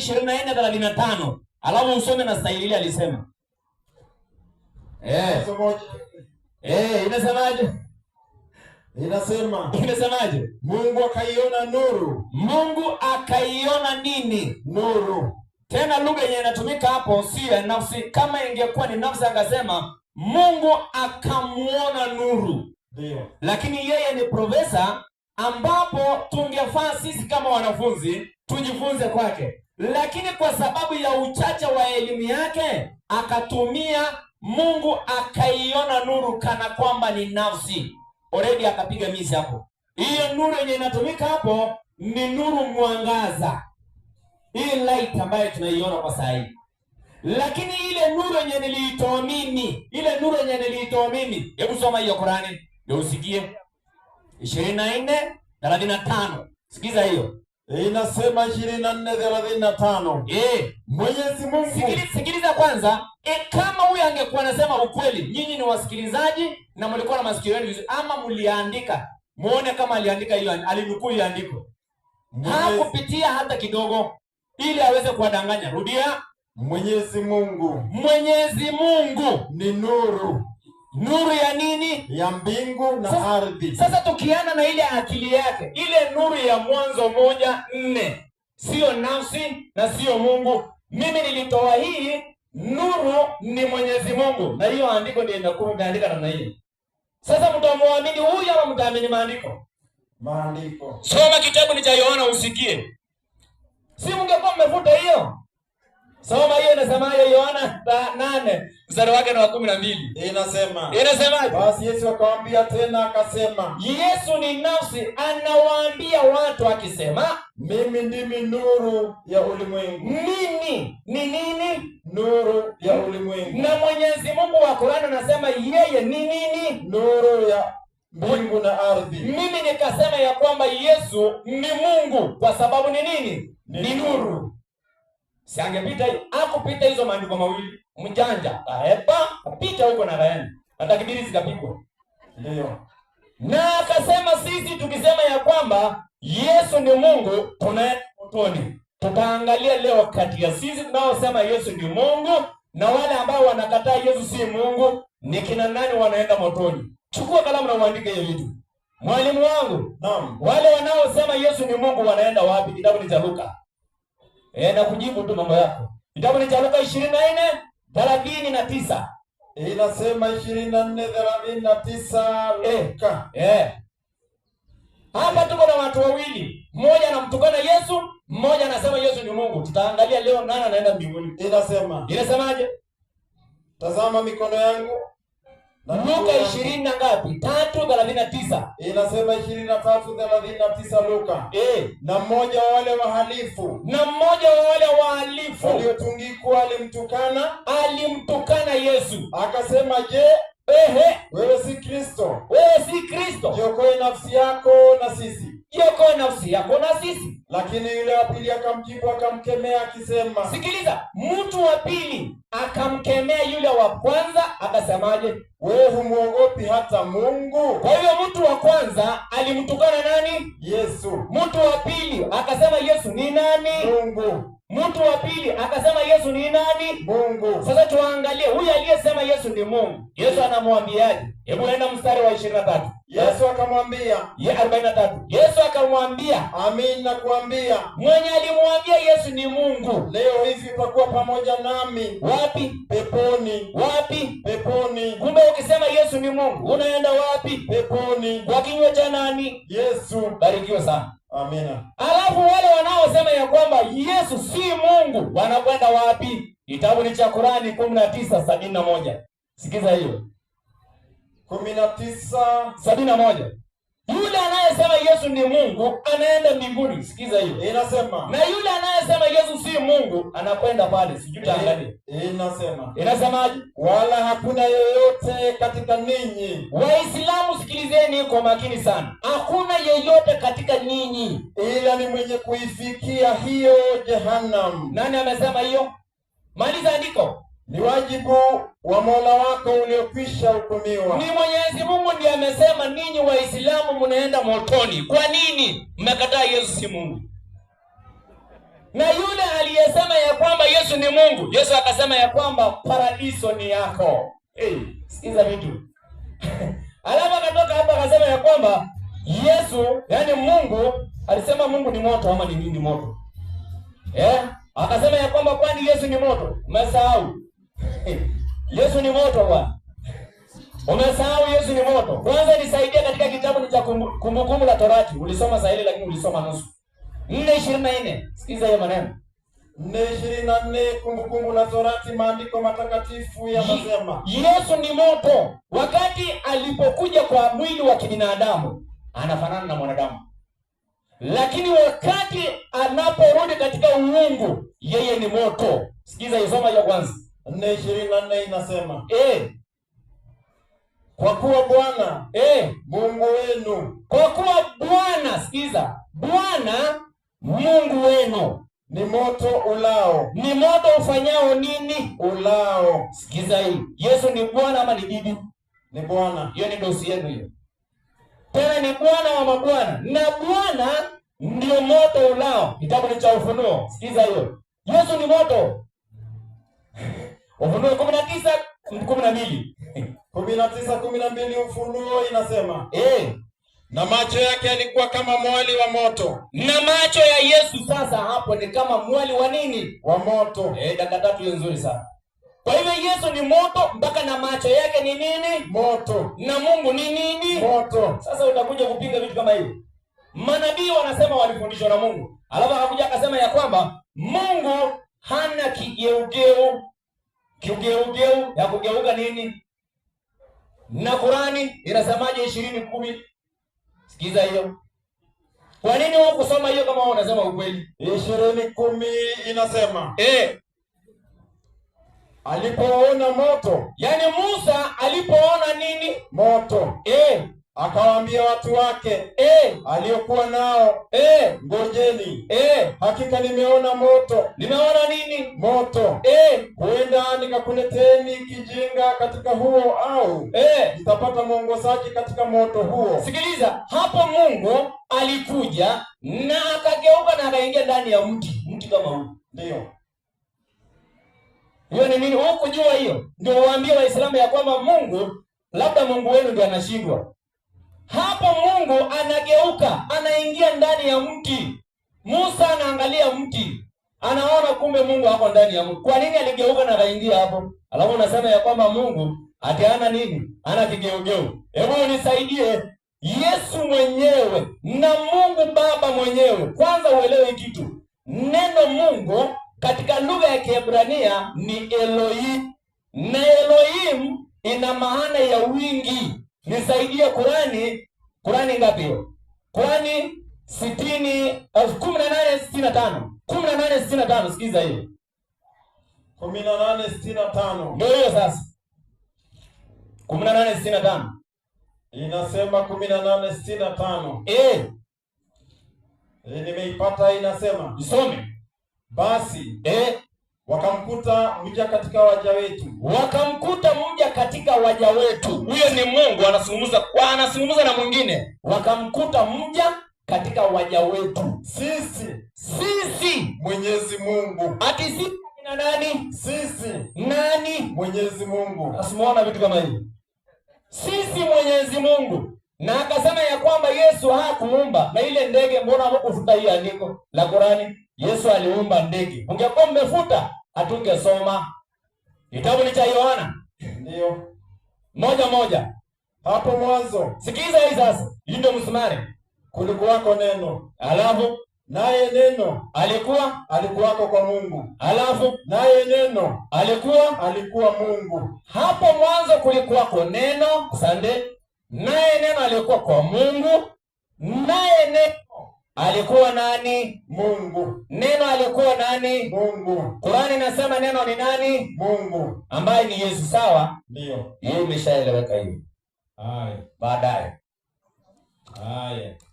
ishirini na nne thelathini na tano alafu usome na staili ile alisema eh. Eh, inasemaje? Inasema. Inasemaje? Mungu akaiona nuru. Mungu akaiona nini? Nuru. Tena lugha yenye inatumika hapo sio ya nafsi. Kama ingekuwa ni nafsi, angasema Mungu akamuona nuru. Ndio. Lakini yeye ni profesa, ambapo tungefaa sisi kama wanafunzi tujifunze kwake lakini kwa sababu ya uchache wa elimu yake akatumia Mungu akaiona nuru kana kwamba ni nafsi already, akapiga mizi hapo. Hiyo nuru yenye inatumika hapo ni nuru mwangaza, hii light ambayo tunaiona kwa saa hii. Lakini ile nuru yenye niliitoa mimi, ile nuru yenye niliitoa mimi, hebu soma hiyo Qurani ndio usikie, ishirini na nne thelathini na tano. Sikiza hiyo Inasema ishirini na nne thelathini na tano. Eh. Mwenyezi Mungu. Sikiliza, sikiliza kwanza. E, kama huyu angekuwa anasema ukweli, nyinyi ni wasikilizaji na mlikuwa na masikio yenu vizuri, ama mliandika muone kama aliandika hiyo, alinukuu hiyo hakupitia hata kidogo, ili aweze kuwadanganya. Rudia. Mwenyezi Mungu, Mwenyezi Mungu ni nuru nuru ya nini? Ya mbingu na sasa, ardhi. Sasa tukiana na ile akili yake ile nuru ya Mwanzo moja nne, siyo nafsi na siyo Mungu. Mimi nilitoa hii nuru ni Mwenyezi Mungu, na hiyo andiko ndio imeandika namna hii Sasa mtamwamini huyu ama mtaamini maandiko? Maandiko. Soma kitabu ni cha Yohana usikie, si mngekuwa mmevuta hiyo Soma hiyo inasema hiyo Yohana nane mstari wake ni wa kumi na mbili inasema inasema, basi Yesu akawaambia tena akasema, Yesu ni nafsi anawaambia watu akisema, mimi ndimi nuru ya ulimwengu. Mimi ni nini? Nuru ya ulimwengu. Na Mwenyezi Mungu wa Qur'an anasema yeye ni nini? Nuru ya mbingu na ardhi. Mimi nikasema ya kwamba Yesu ni Mungu kwa sababu ni nini? Ni nuru Si angepita hiyo, akupita hizo maandiko mawili. Mjanja kahepa kupita huko na kaenda. Atakibiri zikapigwa. Ndio. Na akasema sisi tukisema ya kwamba Yesu ni Mungu tunaenda motoni. Tutaangalia leo ya sisi tunaosema Yesu ni Mungu na wale ambao wanakataa Yesu si Mungu ni kina nani wanaenda motoni. Chukua kalamu na uandike hiyo vitu. Mwalimu wangu, naam, wale wanaosema Yesu ni Mungu wanaenda wapi? Kitabu ni cha Luka e, na kujibu tu mambo yako. Kitabu ni cha Luka ishirini na nne thelathini na tisa eh, inasema ishirini na nne thelathini na tisa eh, Luka. Hapa tuko na watu wawili, mmoja anamtukana Yesu, mmoja anasema Yesu ni Mungu. Tutaangalia leo nani anaenda mbinguni. Inasema inasemaje? Tazama mikono yangu Luka ishirini na ngapi? Tatu thelathini na tisa inasema ishirini na tatu thelathini na tisa Luka e. Na mmoja wa wale wahalifu, na mmoja wa wale wahalifu waliotungikwa alimtukana, alimtukana Yesu akasema, je, ehe, wewe si Kristo? Wewe si Kristo? Jiokoe nafsi yako na sisi iokoe nafsi yako na sisi. Lakini yule wa pili akamjibu akamkemea akisema, sikiliza, mtu wa pili akamkemea yule wa kwanza akasemaje? Wewe humwogopi hata Mungu? Kwa hiyo mtu wa kwanza alimtukana nani? Yesu. Mtu wa pili akasema Yesu ni nani? Mungu. Mtu wa pili akasema Yesu ni nani? Mungu. Sasa tuangalie huyu aliyesema Yesu ni Mungu, Yesu anamwambiaje? Hebu enda mstari wa ishirini na tatu. Yesu akamwambia, arobaini na tatu aliyemwambia? Amin, nakuambia mwenye alimwambia Yesu ni Mungu. Leo hivi utakuwa pamoja nami. Wapi? Peponi. Wapi? Peponi. Kumbe ukisema Yesu ni Mungu unaenda wapi? Peponi. Kwa kinywa cha nani? Yesu. Barikiwa sana. Amina. Alafu wale wanaosema ya kwamba Yesu si Mungu wanakwenda wapi? Kitabu ni cha Kurani kumi na tisa sabini na moja. Sikiza hiyo kumi na tisa sabini na moja. Yule anayesema Yesu ni Mungu anaenda mbinguni. Sikiza hiyo. Eh, inasema. Na yule anayesema Yesu si Mungu anakwenda pale. Sijui taangalia. Eh, eh, inasema. Inasemaje? Wala hakuna yeyote katika ninyi. Waislamu sikilizeni kwa makini sana. Hakuna yeyote katika ninyi ila ni mwenye kuifikia hiyo jehanamu. Nani amesema hiyo? Maliza andiko. Ni wajibu wa Mola wako uliokwisha hukumiwa. Ni Mwenyezi Mungu ndiye amesema, ninyi Waislamu mnaenda motoni. Kwa nini mmekataa Yesu si Mungu? Na yule aliyesema ya kwamba Yesu ni Mungu, Yesu akasema ya kwamba paradiso ni yako. Hey, sikiza vitu alafu akatoka hapa akasema ya kwamba Yesu yani Mungu alisema Mungu ni moto ama ni nini moto? Eh? Akasema ya kwamba kwani Yesu ni moto? Umesahau. Yesu ni moto bwana. Umesahau Yesu ni moto. Kwanza nisaidia katika kitabu cha Kumbukumbu la Torati. Ulisoma saa ile lakini ulisoma nusu. 4:24. Sikiza hiyo maneno. 4:24 Kumbukumbu la Torati, maandiko matakatifu ya mazema. Yesu ni moto. Wakati alipokuja kwa mwili wa kibinadamu, anafanana na mwanadamu. Lakini wakati anaporudi katika uungu, yeye ni moto. Sikiza isoma hiyo kwanza nne ishirini na nne inasema eh, kwa kuwa Bwana eh, Mungu wenu, kwa kuwa Bwana, sikiza, Bwana Mungu wenu ni moto ulao, ni moto ufanyao nini? Ulao. Sikiza hii, Yesu ni Bwana ama ni bibi? Ni Bwana. Hiyo ni dosi yenu hiyo, tena ni Bwana wa mabwana na Bwana ndio moto ulao. Kitabu ni cha Ufunuo, sikiza hiyo, Yesu ni moto Ufunuo kumi na tisa kumi na mbili kumi na tisa kumi na mbili Ufunuo inasema eh, na macho yake yalikuwa kama mwali wa moto. Na macho ya Yesu sasa hapo ni kama mwali wa nini? Wa moto. Eh, dada tatu hiyo nzuri sana. Kwa hivyo Yesu ni moto mpaka na macho yake ni nini? Moto. Na Mungu ni nini? Moto. Sasa utakuja kupinga vitu kama hivi. Manabii wanasema walifundishwa na Mungu, alafu akakuja akasema ya kwamba Mungu hana kigeugeu kiugeugeu ya kugeuka nini? Na Qurani inasemaje? ishirini kumi. Sikiza hiyo. Kwa nini wewe kusoma hiyo kama wewe unasema ukweli? ishirini kumi inasema eh, alipoona moto, yaani Musa alipoona nini? Moto eh, akawaambia watu wake eh, aliyokuwa nao eh, ngojeni eh, hakika nimeona moto. Nimeona nini? Moto eh, nikakuleteni kijinga katika huo au eh, mtapata mwongozaji katika moto huo. Sikiliza hapo, Mungu alikuja na akageuka na akaingia ndani ya mti, mti kama huu. Ndio hiyo ni nini? Hukujua hiyo? Ndio waambie Waislamu ya kwamba Mungu labda Mungu wenu ndio anashindwa hapo. Mungu anageuka anaingia ndani ya mti. Musa anaangalia mti anaona kumbe Mungu ako ndani ya mtu. Kwa nini aligeuka na kaingia hapo? Alafu unasema ya kwamba Mungu atiana nini? Ana kigeugeu. Hebu unisaidie. Yesu mwenyewe na Mungu Baba mwenyewe. Kwanza uelewe kitu. Neno Mungu katika lugha ya Kiebrania ni Elohim. Na Elohim ina maana ya wingi. Nisaidie Kurani, Kurani ngapi hiyo? Kurani sitini elfu kumi na nane sitini na tano kumi na nane sitini na tano Sikiza hiyo kumi na nane sitini na tano ndio hiyo sasa, kumi na nane sitini na tano inasema kumi na nane sitini na tano eh, e, nimeipata. Inasema isome basi eh, wakamkuta mja katika waja wetu, wakamkuta mja katika waja wetu. Huyo ni Mungu anazungumza, anazungumza na mwingine. Wakamkuta mja katika uwanja wetu sisi, sisi Mwenyezi Mungu ati sisi na nani? Sisi nani? Mwenyezi Mungu. Asimuona vitu kama hivi, sisi Mwenyezi Mungu. Na akasema ya kwamba Yesu hakuumba na ile ndege. Mbona hamkufuta hii andiko la Qurani? Yesu aliumba ndege. Ungekuwa mmefuta, hatungesoma kitabu ni cha Yohana ndio moja moja hapo mwanzo. Sikiza hii sasa, hii ndio msumari kulikuwako neno, alafu naye neno alikuwa alikuwako kwa Mungu, alafu naye neno alikuwa alikuwa Mungu. Hapo mwanzo kulikuwako neno, asante, naye neno alikuwa kwa Mungu, naye neno alikuwa nani? Mungu. Neno alikuwa nani? Mungu. Qurani nasema neno ni nani? Mungu, ambaye ni Yesu. Sawa, ndio hiyo, umeshaeleweka hiyo. Haya, baadaye haya